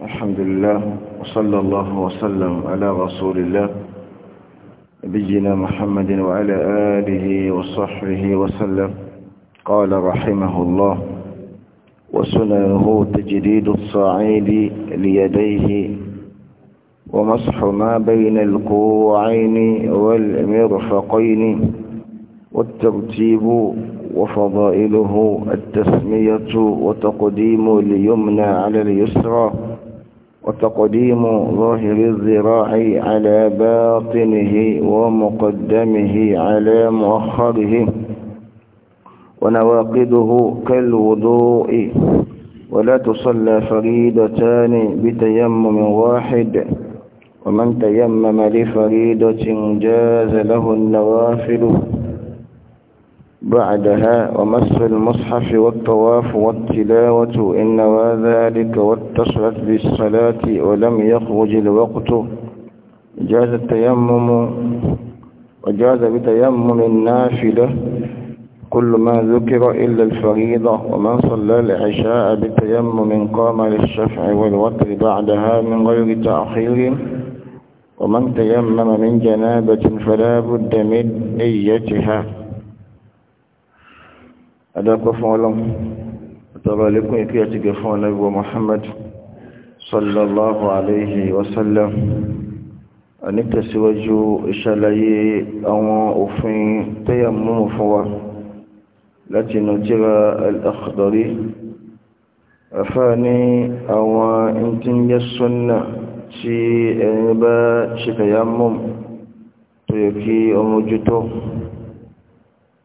الحمد لله وصلى الله وسلم على رسول الله نبينا محمد وعلى آله وصحبه وسلم قال رحمه الله وسننه تجديد الصعيد ليديه ومسح ما بين الكوعين والمرفقين والترتيب وفضائله التسمية وتقديم اليمنى على اليسرى وتقديم ظاهر الذراع على باطنه ومقدمه على مؤخره ونواقده كالوضوء ولا تصلى فريدتان بتيمم واحد ومن تيمم لفريدة جاز له النوافل بعدها ومس المصحف والطواف والتلاوة إن ذلك واتصلت بالصلاة ولم يخرج الوقت جاز التيمم وجاز بتيمم النافلة كل ما ذكر إلا الفريضة ومن صلى العشاء بتيمم قام للشفع والوتر بعدها من غير تأخير ومن تيمم من جنابة فلا بد من نيتها adákọ́ fún ọlọ́m àtọ̀rọ̀ lékún ìkí àti gẹ̀ fún ọlọ́gbọ̀ Muhammad sallallahu alayhi wa sallam a ní tẹ̀síwájú ìṣàlàyé àwọn òfin tẹ́yà mú fún wa láti inú tírà al-Akhdari afẹ́ ní àwọn ìtìyẹ súnnà tí ẹni bá ṣe tẹ̀yà mú tó yẹ kí ọmọ ojútọ́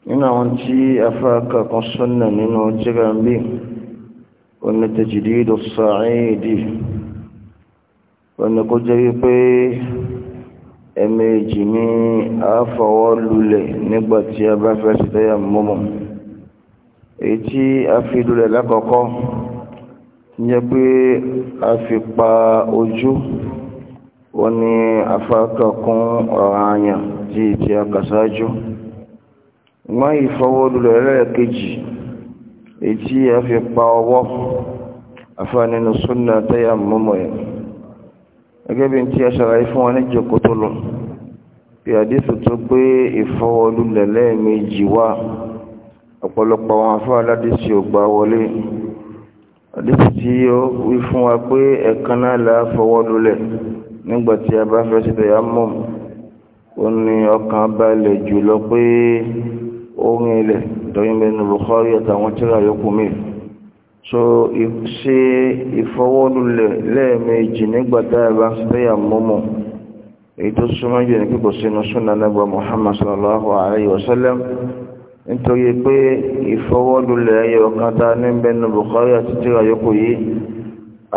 nínú àwọn tí afáàkà kan sọ́nà nínú jẹ́gàmbí ọ̀nà tẹ̀jìdì ìdọ̀sọ̀ àìyèdì ọ̀nà kó jẹ́ wípé ẹ̀mẹ́jì ní àáfọwọ́ lulẹ̀ nígbà tí a bá fẹ́ sí tẹ́yà mọ́mọ́ èyí tí a fi lulẹ̀ lákọ̀ọ́kọ́ jẹ́ pé a fi pa ojú wọ́n ní afáàkà kún ọ̀rọ̀ àyàn tí ìtì àkàsájú mọ́ ìfọwọ́lulẹ̀ ẹlẹ́ẹ̀kejì ètí a fi pa ọwọ́ afáninu súnà tẹ́yà mọ́mọ́ ẹ̀ gẹ́gẹ́ bí tí a ṣàlàyé fún wa ní jòkó tó lọ bí àdísù tó gbé ìfọwọ́lulẹ̀ lẹ́ẹ̀mejì wá ọ̀pọ̀lọpọ̀ àwọn afọ́ aládìsí ò wọlé àdísù tí ó wí fún wa pé ẹ̀kan náà la fọwọ́lulẹ̀ nígbàtí a bá fẹ́ sí tẹ́yà mọ́mọ́ ó ní ọkàn balẹ̀ jùlọ pé orin ilẹ̀ torí mẹ́nu Bukhari àtàwọn tíra yókù mí so ṣe ìfọwọ́lulẹ̀ lẹ́ẹ̀mejì nígbàtá ẹ̀bá ń pẹ́yà mọ́mọ́ èyí tó súnmọ́ jù ní kíkò sínú súnà nẹ́gbà Muhammad sallallahu alayhi wa sallam nítorí pé ìfọwọ́lulẹ̀ ẹyẹ ọ̀kadà ní mẹ́nu Bukhari àti tíra yókù yìí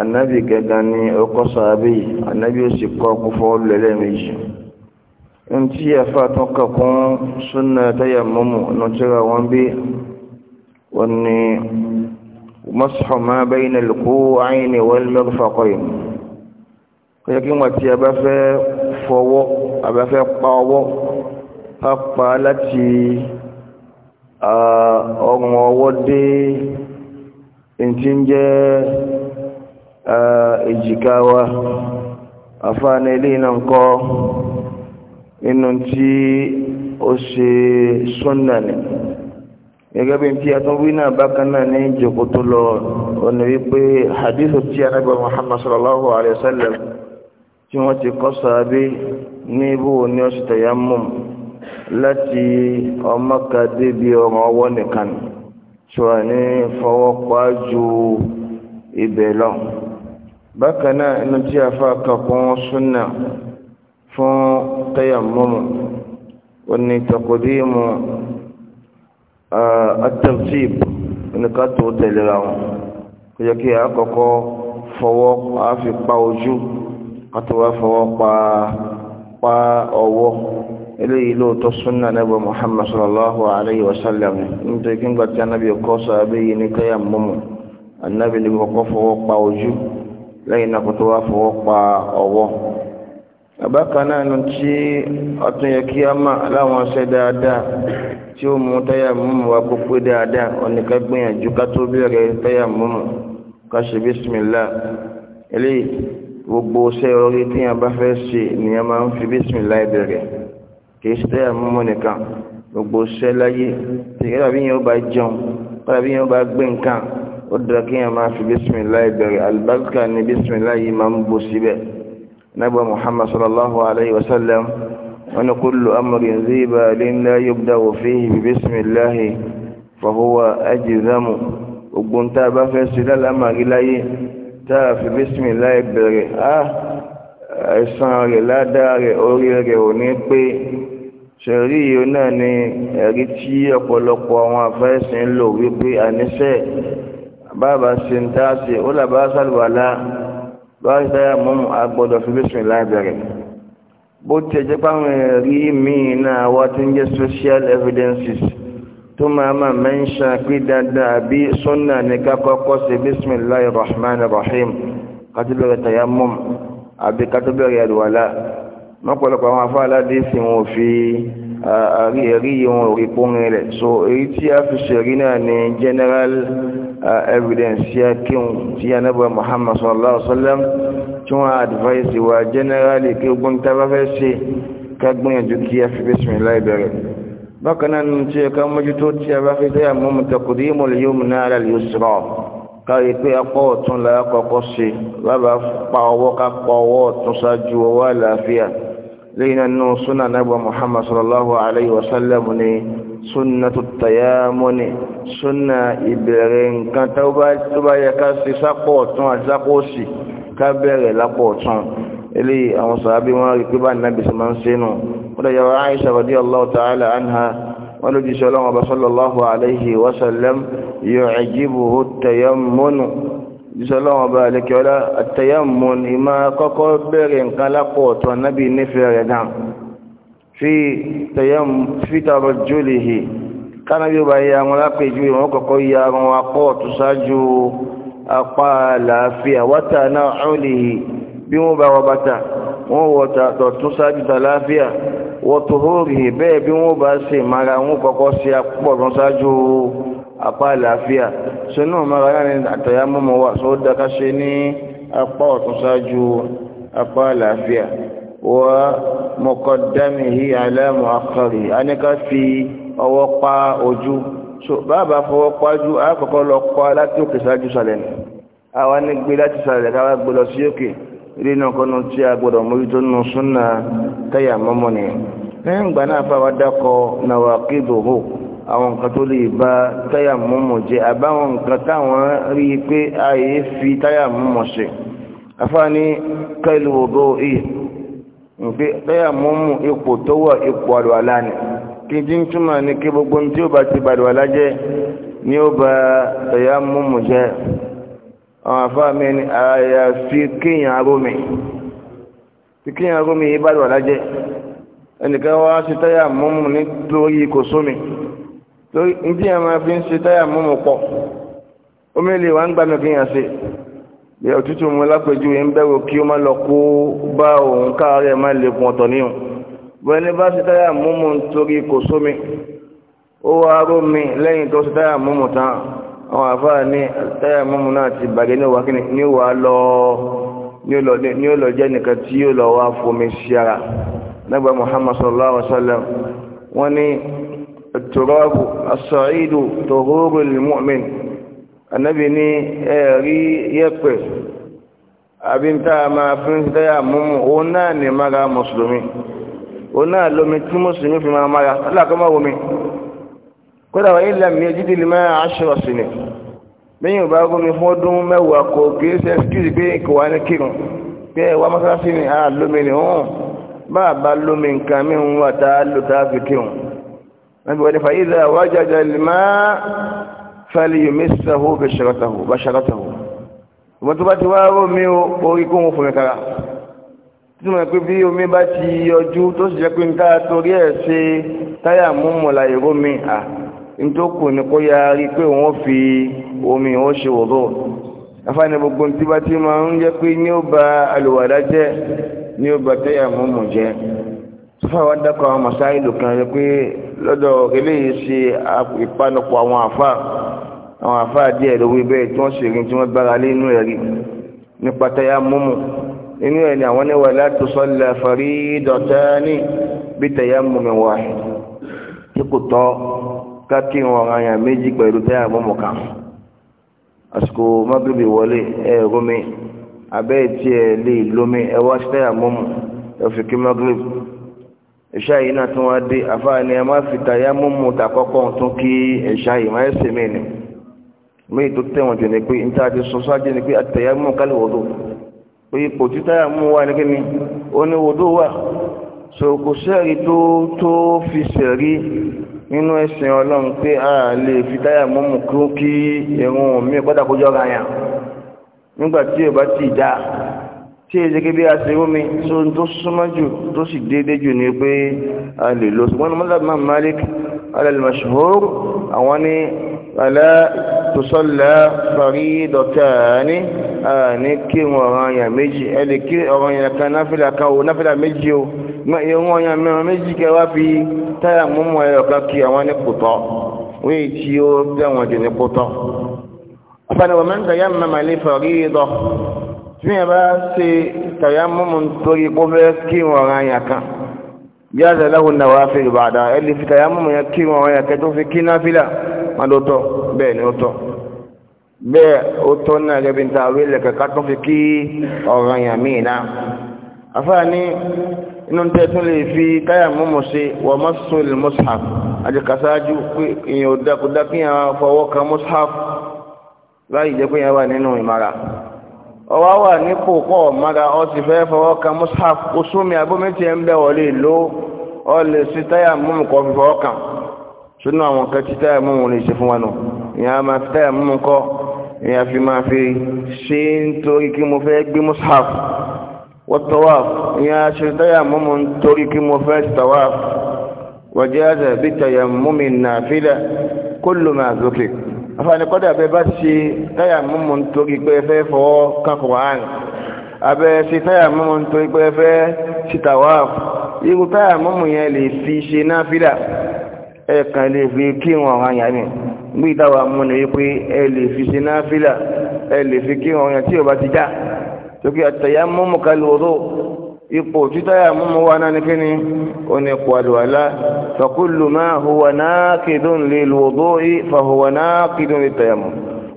anábì gẹ́gẹ́ ni ọkọ̀ sàábì anábì ó sì kọ́ ọkùnfọ́ lẹ́lẹ́mejì in tí yà fà tún kàkún súnà tayà mọ́mù ní tíra wọn bí wọn ni masu ma bẹ́yìn alkó àyìn wọ́n mẹ́rùfàkọ́yì kọjá kí wọ́n ti a bá fẹ́ fọwọ́ a bá fẹ́ pa ọwọ́ láti ọrùn ọwọ́ dé ìtí ń jẹ́ èjìká wa àfáàní ilé náà ń nínú tí ó ṣe sunna ni gẹ́gẹ́ bí tí a tún wí náà bákan náà ní ìjòkó tó lọ ọ̀nà wípé hadithu tí anábẹ́ muhammad sallallahu alayhi wa sallam tí wọ́n ti kọ́ sàábé ní ibú ní oṣù tayammum láti ọmọ kan débi ọmọ ọwọ́ nìkan tí wọ́n ní fọwọ́ pa ju ibẹ̀ lọ bákan náà inú tí a fa sunna fún tayamumu ó ní taqdimu at-tartib oníkà tó tẹ̀léra wọn kò yẹ kí a kọ́kọ́ fọwọ́ a fi pa ojú kátó wá fọwọ́ pa pa ọwọ́ eléyìí lóòótọ́ súnà nẹ́bọ̀ Muhammad sallallahu alayhi wa sallam nítorí kí n gbà tí anábì kọ́ sọ abéyí ní tayamumu anábì ní kọ́kọ́ fọwọ́ pa ojú lẹ́yìn náà kó tó wá fọwọ́ pa ọwọ́ àbákan náà nu tí ọtún yẹ kí a mọ aláwọn ṣe dáadáa tí ó mú táyà múmu wá kó pé dáadáa ọ̀nìkan gbìyànjú ká tó bẹ̀rẹ̀ táyà múmu ká ṣe bísímìlá eléyìí gbogbo ṣe orí tí a bá fẹ́ ṣe ni a máa ń fi bísímìlá bẹ̀rẹ̀ kì í ṣe táyà múmu nìkan gbogbo ṣe láyé tìkẹ́tà bí yẹn ó bá jẹun kọ́lá bí ó bá gbé nǹkan ó dára kí yẹn máa fi bísímìlá bẹ̀rẹ̀ àlùbáríkà ni bísímìlá yìí máa ń bọ́ síbẹ̀. نبوى محمد صلى الله عليه وسلم أن كل أمر ذي بال لا يبدأ فيه ببسم الله فهو أجزم ogun tá a bá fẹ́ ṣe lálàmàrí láyé tá a fi bísímìlá ìbẹ̀rẹ̀ á ah, ẹ̀san rẹ̀ ládàá rẹ̀ orí rẹ̀ ò ní pé ṣẹ̀rí yìí náà ni ẹ̀rí tí ọ̀pọ̀lọpọ̀ àwọn afẹ́sìn ń lò wípé àníṣe bàbá ṣe ń dá sí ó làbá sàlùwàlá lọ́wọ́ ìfẹ́ mọ́ agbọ́dọ̀ fi bísùn lábẹ́rẹ̀ bó ti ẹ̀jẹ̀ páwọn ẹ̀rí míì náà wá tí ń jẹ́ social evidences tó máa máa mẹ́ńṣà pé dáadáa bí sọ́nà ní kákọ́kọ́ sí bismillahi rahman rahim kátìbẹ̀rẹ̀ tayammum àbí kátìbẹ̀rẹ̀ àdùwàlá mọ́pọ̀lọpọ̀ àwọn afọ́ aládé sì wọn fi àrí ẹ̀rí wọn ò rí pọ́nrin rẹ̀ so èyí tí a fi ṣẹ̀rí náà ni general evidence tí a kíhun tí a nábà Muhammad sallallahu alaihi wasallam tí wọ́n advice wa general kí ogun tàbá fẹ́ ṣe kágbìyànjú kí a fi bismillah bẹ̀rẹ̀ bákan náà tí a ká mójútó tí a bá fi tẹ́yà mú taqdimul yumna ala al-yusra káyé pé apá ọ̀tún la kọ́kọ́ ṣe lábàá pa ọwọ́ ká pa ọwọ́ ọ̀tún ṣáájú ọwọ́ àlàáfíà lẹ́yìn nínú súnà nàbà muhammad sallallahu alayhi wa sallam ni súnà tó tàyámú ni súnà ìbẹ̀rẹ̀ nǹkan tó bá yẹ ká sí sápọ̀ ọ̀tún àti sápọ̀ òsì ká bẹ̀rẹ̀ lápọ̀ ọ̀tún eléyìí àwọn sàábí wọn rí pé bá nàbì sí máa ń sínú wọ́n dẹ̀ yàrá aisha radiyallahu ta'ala anha wọ́n lójú sí ọlọ́run ọba sallallahu alayhi wa sallam yu'jibuhu tayammunu ìṣọ́lọ́wọ́n bá alẹ́kẹ́ọ́lá àtẹ̀yàmùn ìmá kọ́kọ́ bẹ̀rẹ̀ nǹkan lápọ̀ ọ̀tọ̀ náàbì nífẹ̀ẹ́ rẹ̀ náà fi tààrọ̀ jólè hì kánàbí ó bá yẹ àwọn lápẹjú ìwọ̀n kọ́kọ́ yẹ àwọn apọ̀ ọ̀tún ṣáájú apá àlàáfíà wátà náà ọ̀lè hì bí wọ́n bá wọ bàtà wọ́n apá àlàáfíà ṣe náà mara láàrin àtàyà mọ́mọ́ wà sọ dáká ṣe ní apá ọ̀tún ṣáájú apá àlàáfíà wà mọ̀kọ̀dámì hí aláàmù akọrì a ní ká fi ọwọ́ pa ojú so bàbá fọwọ́ pájú àkọ́kọ́ lọ pa láti òkè ṣáájú sàlẹ̀ àwa ní gbé láti sàlẹ̀ káwá gbé lọ sí òkè ilé náà kọ́nu tí a gbọ́dọ̀ mójútó nù súnà táyà mọ́mọ́ nìyẹn lẹ́yìn ìgbà náà fáwọn dákọ̀ nàwàkí dòhò àwọn nǹkan tó lè ba táyà mọ́mọ́ jẹ́ àbáwọn nǹkan táwọn rí i pé ààyè fi táyà mọ́mọ́ ṣe afáàní kẹ́lù òdó ìyẹ nǹkan táyà mọ́mọ́ ipò tó wà ipò àlùwàlá ni kí n ti ń túmọ̀ ní kí gbogbo ohun tí ó bá ti ba àlùwàlá jẹ́ ni ó ba táyà mọ́mọ́ jẹ́ àwọn afáàmì ni àyàfi kéèyàn arómi tí kéèyàn arómi yìí bá àlùwàlá jẹ́ ẹnìkan wá sí táyà mọ́mọ́ nítorí kò sómi torí ndí yẹn máa fi ń ṣe táyà múmu pọ̀ omi lè wá ń gbà mí fi hàn sí bí òtútù mu lápèjúwe ń bẹ̀rù kí ó má lọ kó bá òun káàárẹ̀ má lè kun ọ̀tọ̀ níhùn bọ́ ẹni bá ṣe táyà múmu nítorí kò sómi ó wá rómi lẹ́yìn tó ṣe táyà múmu tán àwọn àfáà ní táyà múmu náà ti bàgẹ́ ní òwà kíni ní òwà lọ ní ó jẹ́ nìkan tí yóò lọ wá fomi sí nígbà Muhammad sallallahu alaihi wa sallam wọ́n ní التراب الصعيد طهور المؤمن النبي ní ẹ̀rí yẹ̀pẹ̀ àbí tá a máa fi ń tẹ́yà múmú òun náà ní mara mùsùlùmí òun náà lómi tí mùsùlùmí fi máa mara alákọ́mọ́ omi kódà wáyé lẹ́mí jídì lè máa aṣọ sílẹ̀ lẹ́yìn ìbá gómi fún ọdún mẹ́wàá kò kìí ṣe ẹ́sìkìrì pé kò wá ní kírun pé ẹ̀wà mọ́sánsí ni a lómi ni hàn bá a bá lómi nǹkan mí ń wà tá a lò tá a fi kírun níbi wọ́n ni fàyíza wájájá lèmá fàlìyùmísàhó bàṣàrátàhó ìwọ́n tó bá ti wá rómi orí kó wọn fòmí kára tí wọ́n pé bí omi bá ti yọjú tó sì jẹ́ pé ń ká torí ẹ̀ ṣe táyà múmọ̀ láì rómi à ń tó kù ní kó ya rí pé wọ́n fi omi wọ́n ṣe wòró afáàní gbogbo tí bá ti máa ń jẹ́ pé ní ó ba àlùwàdá jẹ́ ní ó ba táyà múmọ̀ jẹ́ afáwa dákọ̀ àwọn masáìlù kan rẹ̀ pé lọ́dọ̀ eléyìí ṣe ìpanupọ̀ àwọn àfáà àwọn àfáà díẹ̀ lówó ibẹ̀ tí wọ́n ṣe rí tí wọ́n gbára lé inú ẹ̀rí nípa táyà múmu inú ẹ̀ ni àwọn níwà láti sọ́lá farí dọ̀tání bí táyà múmi wà tí kò tọ́ káàkì wọn àyàn méjì pẹ̀lú táyà múmu kan àsìkò mágíbi wọlé ẹ̀rọ mi abẹ́ ìtì ẹ̀ lè lómi ẹwà sí táyà múmu ẹ̀fìkí mágíbi ìṣá yìí náà tún wá dé àfáà ni ẹ má fi tàyà múmu tàkọ́kọ́ tún kí ìṣá yìí má ẹsẹ̀ mí ni mí tó tẹ̀wọ̀n jù ní pé níta ti sọ sáájú ni pé àtẹ̀yà mú kálí wòdó pé ipò tí táyà mú wà ní kíni ó ní wòdó wà so kò sẹ́ẹ̀rí tó tó fi sẹ̀rí nínú ẹ̀sìn ọlọ́run pé a lè fi táyà múmu kí irun mi pátá kójọ́ ra yàn nígbà tí ò bá ti dáa tí è jẹ́ kébí àti omi tó ń tó súnmọ́ jù tó sì dédé jù ní pé a lè lọ ṣùgbọ́n mọ́lábà malik alalmashhur àwọn ni alá tó sọ́lá farí dọ̀tà ní a ní kí wọn ọ̀ranyàn méjì ẹ lè kí ọ̀ranyàn kan náfìlà kan o náfìlà méjì o ìwọ̀n ọ̀ranyàn mẹ́rin méjì kẹwàá fi tí yẹn bá ṣe tàyà múmu torí pé ó fẹ́ kí wọn ra yàn kan bí a ṣẹlẹ̀ hùn náà wá fi rìbà dá ẹ lè fi tàyà múmu yẹn kí wọn ra yàn kan tó fi kí náà fílà wọn ló tọ́ bẹ́ẹ̀ ni ó tọ́ bẹ́ẹ̀ ó tọ́ náà gẹ́gẹ́ bí n ta àwọn ilẹ̀ kẹ̀kẹ́ tó fi kí ọ̀ràn yàn míì náà afáà ní inú tẹ́ tún lè fi táyà múmu ṣe wọ́n mọ́ sọ́ọ̀lì mọ́sáàf àdìkàṣáájú pé èèyàn ò dákúdá kí yàn fọwọ́ kan mọ́sáàf láì jẹ́ pé yàn wà nínú ìmára ọwá wà nípò pọ̀ mara ọ ti fẹ́ fọwọ́ kan mushaf kò súnmi abómítì ẹ̀ ń bẹ̀ wọlé ló ọ lè sí táyà múmu kọ́ fi fọwọ́ kan sínú àwọn kan tí táyà múmu lè ṣe fún wa nù ìyá máa fi táyà múmu kọ́ ìyá fi máa fi ṣe nítorí kí mo fẹ́ gbé mushaf wọ́tọ̀wá ìyá ṣe táyà múmu nítorí kí mo fẹ́ tọ̀wá wọ́jẹ́ àtàbí táyà múmi nàfílà kó ló máa àfààní kọ́dà bẹ́ẹ̀ bá ṣe táyà mímú nítorí pé ẹ fẹ́ fọwọ́ kan Kùránì abẹ́ ṣe táyà mímú nítorí pé ẹ fẹ́ ṣe tàwáàfù irú táyà mímú yẹn lè fi ṣe náfílà ẹ̀ẹ̀kan lè fi kírun àwọn àyà mi gbé ìtawà ni wípé ẹ lè fi ṣe náfílà ẹ lè fi kírun àwọn àyà tí ò bá ti já tókè àtàyà mímú kalùwòrò ipò títàyà múmu wa náà ní kíni ó ní ipò àlùwàlá fàkúlù máa huwa náà kìdùn lè lòdó yìí fàhuwa náà kìdùn lè tàyà mú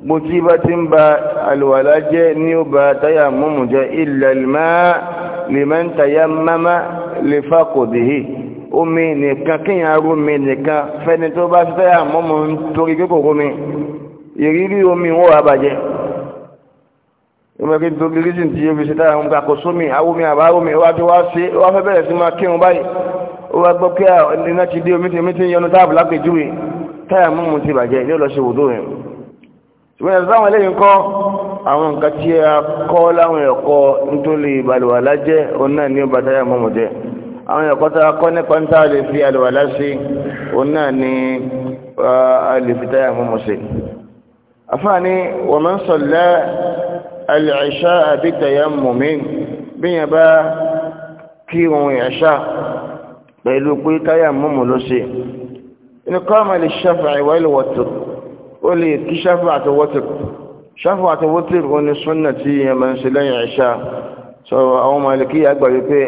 bó tí bá ti ń ba àlùwàlá jẹ́ ní ó ba tàyà múmu jẹ́ ilẹ̀ lèmẹ́ ń tàyà mámá lè fàkòdìhì omi nìkan kíyàn arúmi nìkan fẹ́ni tó bá tàyà múmu torí kíkò ìrírí omi wọ́n wà bàjẹ́ ìmọ̀ kí n tó gírísìn tí yóò fi ṣe táyà ń gbà kó sómi awómi àbáwómi ó wá tó wá ṣe ó wá fẹ́ bẹ̀rẹ̀ sí máa kírun báyìí ó wá gbọ́ pé iná ti dé omi tí omi ti ń yọnu táàbù lápèjúwe táyà múmu ti bàjẹ́ yóò lọ ṣe wòdó rẹ̀ ṣùgbọ́n ẹ̀sán àwọn eléyìí kọ́ àwọn nǹkan tí a kọ́ láwọn ẹ̀kọ́ nítorí ìbàlùwà lájẹ́ òun náà ní ọba táyà múmu jẹ́ àwọn ẹ̀kọ́ àlẹ́ṣà àbíkàyà mọ̀mí bíyàn bá kírun ìṣà pẹ̀lú pé táyà mọ́mù ló ṣe inú kọ́mà lè ṣàfà ìwà ìlúwọ̀tò ó lè kí ṣàfà àtọwọ́tò ṣàfà àtọwọ́tò ó ní súnà tí yẹn máa ń ṣe lẹ́yìn ìṣà sọ àwọn màlìkí àgbà wípé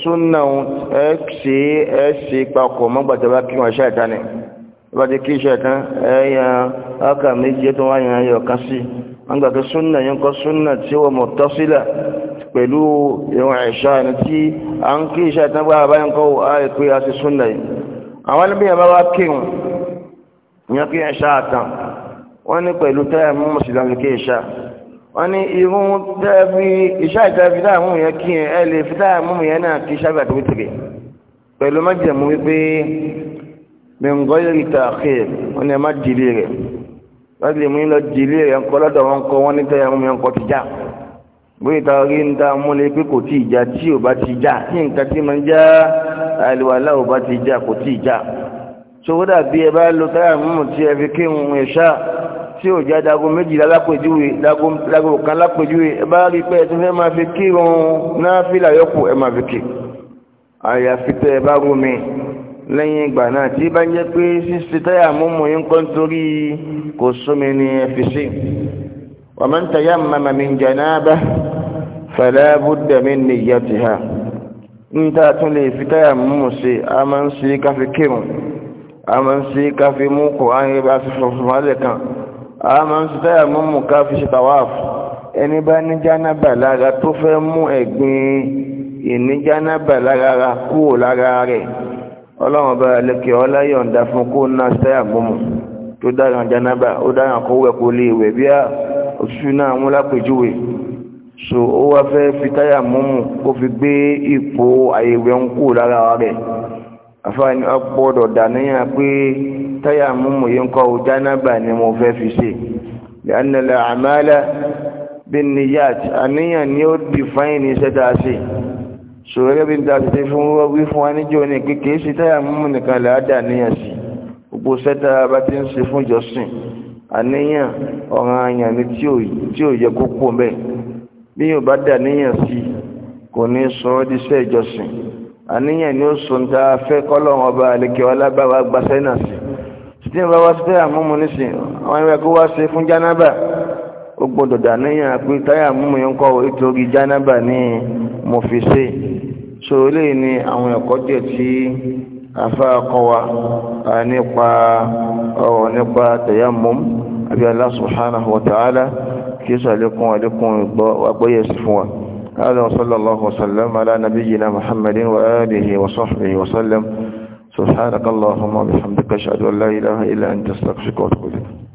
súnà kí ìṣà ìtàn ẹ̀yàn ọkà méjì tó wáyàn ayọ̀ kan sí wọ́n gbà tó súnà yẹn kọ́ súnà tí wọ́n mọ̀ tọ́sílà pẹ̀lú ìwọ̀n ẹ̀ṣà ẹni tí a ń kí iṣẹ́ ìtàn bá àbáyẹn kọ́ ààyè pé a ti súnà yìí àwọn ẹni bí yẹn bá wá kírun ìyẹn kí ẹ̀ṣà àtàn wọ́n ní pẹ̀lú tẹ́ẹ̀ mú mùsùlùmí kí ẹ̀ṣà wọ́n ní irun tẹ́ẹ̀fì iṣẹ́ ìtẹ́ẹ̀fì táàmù yẹn kí wọ́n lè mú yín lọ jì ilé rẹ̀ ńkọ́ lọ́dọ̀ wọn kọ́ wọ́n ní tẹ́yà mú yẹn ńkọ́ ti já bóyá ta rí ń ta múlẹ̀ pé kò tí ì já tí ò bá ti já tí nǹkan tí máa ń já àlùwàlá ò bá ti já kò tí ì já sowódà bí ẹ bá lo táyà mímú tí ẹ fi kírun ẹ̀ṣá tí ò já dago méjìlá lápèjúwe dago kan lápèjúwe ẹ bá rí pé ẹ tún fẹ́ máa fi kírun náà fìlà yọkù ẹ máa fi kí àyàfi tẹ ẹ bá rú mi lẹ́yìn ìgbà náà tí bá jẹ́ pé ṣíṣe táyà múmu yín kọ́ nítorí kò sómi ní ẹ̀fì sí wa man tayammama min janaba fala budda min niyyatiha ń tá a tún lè fi táyà múmu sí a máa ń sí káfí kírun a máa ń sí káfí mú kò á ń bá sí fọfún alẹ́ kan a máa ń sí táyà múmu káfí ṣe tàwáàfù ẹni bá ní jánábà lára tó fẹ́ mú ẹ̀gbin ìníjánábà lára kúrò lára rẹ̀ ọlọ́run ọba ẹlẹ́kẹ̀ ọláyọ̀ǹda fún kó ná sáyà mọ́mọ́ tó dáyàn jánábà ó dáyàn kó wẹ̀ kó lè wẹ̀ bí a òṣìṣú náà mú lápèjúwe so ó wá fẹ́ fi táyà mọ́mọ́ kó fi gbé ipò àyèwẹ̀ ń kú lára rẹ̀ àfáàní ọgbọ́dọ̀ dàníyàn pé táyà mọ́mọ́ yìí ń kọ́ ọ jánábà ni mo fẹ́ fi ṣe lẹ́nìlẹ̀ àmàlà bí niyat àníyàn ni ó dìfáìn ní iṣẹ́ ṣòro gẹ́gẹ́ bí n ta ti ti fún wí fún wa níjọ́ ní pé kìí ṣe táyà mímú nìkan làádà níyàn sí gbogbo sẹ́ta bá ti ń ṣe fún ìjọsìn àníyàn ọ̀ràn àyàn ni tí ò yẹ kó pọ̀ mẹ́ bí yóò bá dà níyàn sí kò ní sọ ọ́ díṣẹ́ ìjọsìn àníyàn ni ó sọ ń ta fẹ́ kọ́lọ́run ọba àlekè ọlábàwà gbaṣẹ́ náà sí títí ìbá wá sí táyà mímú nísìn àwọn ẹgbẹ́ kó wá ṣe fún so eléyìí ni àwọn ẹ̀kọ́ díẹ̀ tí afa kọ́ wa nípa ọ̀rọ̀ nípa tayammum àbí Allah subhanahu wa ta'ala kí sàlékún àlékún àgbọ́yẹ̀ sí fún wa هذا وصلى الله وسلم على نبينا محمد وآله وصحبه وسلم سبحانك اللهم وبحمدك اشهد ان لا اله الا انت استغفرك واتوب اليك